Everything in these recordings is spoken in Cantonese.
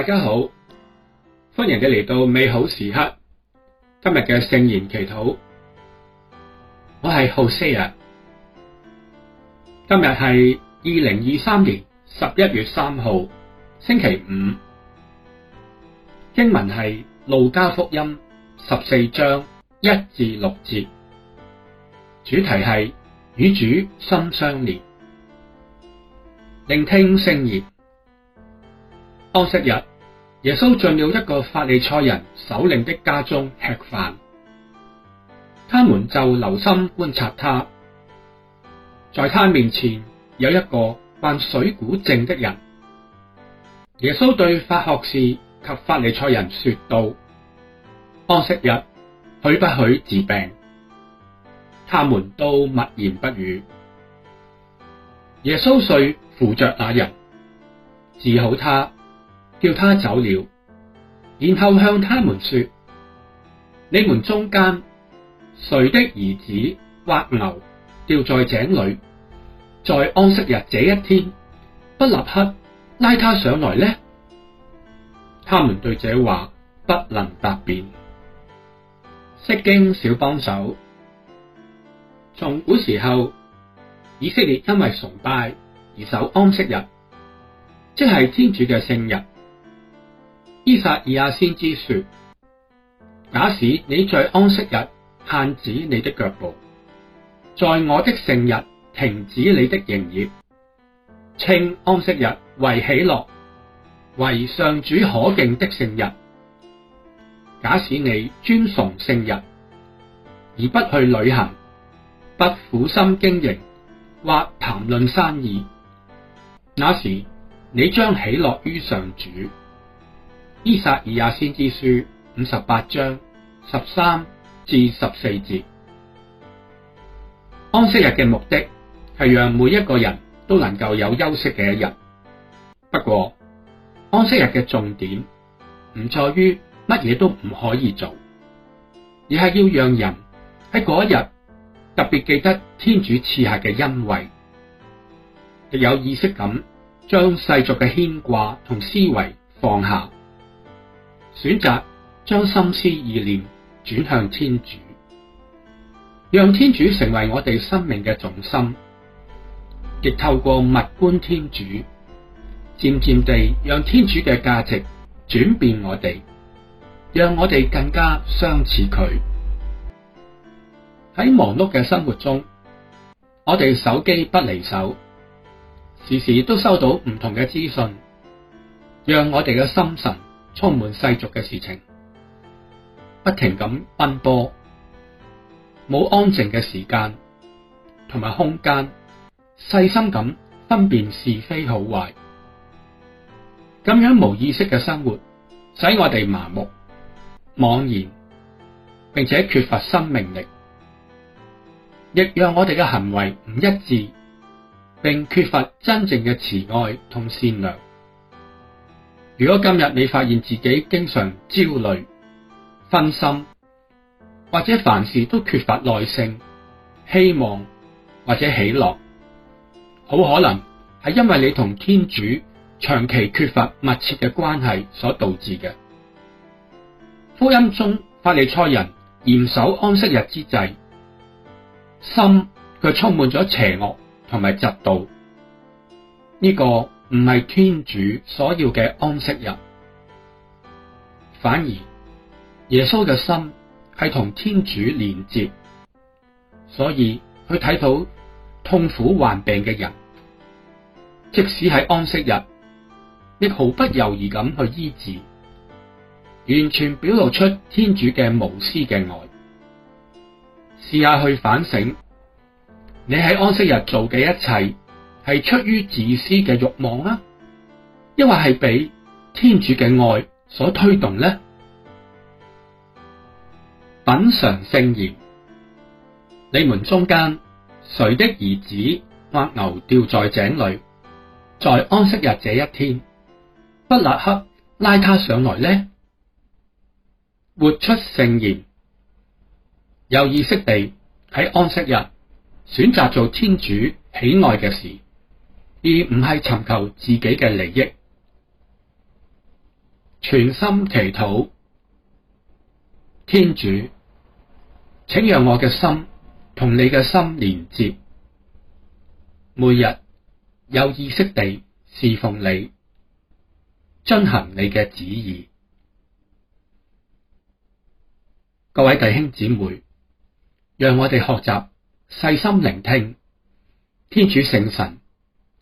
大家好，歡迎你嚟到美好時刻。今日嘅聖言祈禱，我係浩西亞。今日係二零二三年十一月三號，星期五。英文係路加福音十四章一至六節，主題係與主心相連，聆聽聖言。安息日。耶穌進了一個法利賽人首領的家中吃飯，他們就留心觀察他。在他面前有一個患水臌症的人，耶穌對法學士及法利賽人說道：安息日許不許治病？他們都默然不語。耶穌遂扶着那人，治好他。叫他走了，然後向他們說：你們中間誰的兒子或牛掉在井裏，在安息日這一天不立刻拉他上來呢？他們對這話不能答辯。釋經小幫手，從古時候以色列因為崇拜而守安息日，即係天主嘅聖日。依撒意亞、啊、先知說：假使你在安息日限止你的腳步，在我的聖日停止你的營業，稱安息日為喜樂，為上主可敬的聖日。假使你尊崇聖日，而不去旅行，不苦心經營或談論生意，那時你將喜樂於上主。《依撒意亞先知書》五十八章十三至十四節，安息日嘅目的係讓每一個人都能夠有休息嘅一日。不過，安息日嘅重點唔在於乜嘢都唔可以做，而係要讓人喺嗰一日特別記得天主賜下嘅恩惠，亦有意識咁將世俗嘅牽掛同思維放下。選擇將心思意念轉向天主，讓天主成為我哋生命嘅重心，亦透過默觀天主，漸漸地讓天主嘅價值轉變我哋，讓我哋更加相似佢。喺忙碌嘅生活中，我哋手機不離手，時時都收到唔同嘅資訊，讓我哋嘅心神，充滿世俗嘅事情，不停咁奔波，冇安靜嘅時間同埋空間，細心咁分辨是非好壞，咁樣無意識嘅生活，使我哋麻木、茫然，並且缺乏生命力，亦讓我哋嘅行為唔一致，並缺乏真正嘅慈愛同善良。如果今日你發現自己經常焦慮、分心，或者凡事都缺乏耐性、希望或者喜樂，好可能係因為你同天主長期缺乏密切嘅關係所導致嘅。福音中，法利賽人嚴守安息日之際，心卻充滿咗邪惡同埋嫉妒呢個。唔係天主所要嘅安息日，反而耶穌嘅心係同天主連接，所以佢睇到痛苦患病嘅人，即使喺安息日，亦毫不猶豫咁去醫治，完全表露出天主嘅無私嘅愛。試下去反省，你喺安息日做嘅一切。係出於自私嘅欲望啦、啊，抑或係被天主嘅愛所推動呢。品嘗聖言，你們中間誰的兒子，或牛掉在井裏，在安息日這一天，不立刻拉他上來呢？活出聖言，有意識地喺安息日選擇做天主喜愛嘅事。而唔係尋求自己嘅利益，全心祈禱，天主，請讓我嘅心同你嘅心連接，每日有意識地侍奉你，遵行你嘅旨意。各位弟兄姊妹，讓我哋學習細心聆聽天主聖神。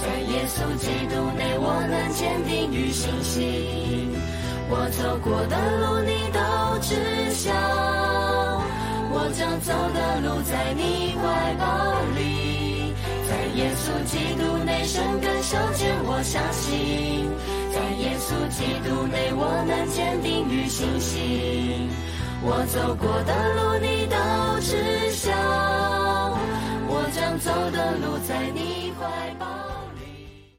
在耶穌基督內，我能堅定與信心。我走過的路，你都知曉。我將走的路，在你懷抱裏。在耶穌基督內生根修建，我相信。在耶穌基督內，我能堅定與信心。我走過的路，你都知曉。我將走的路，在你懷抱。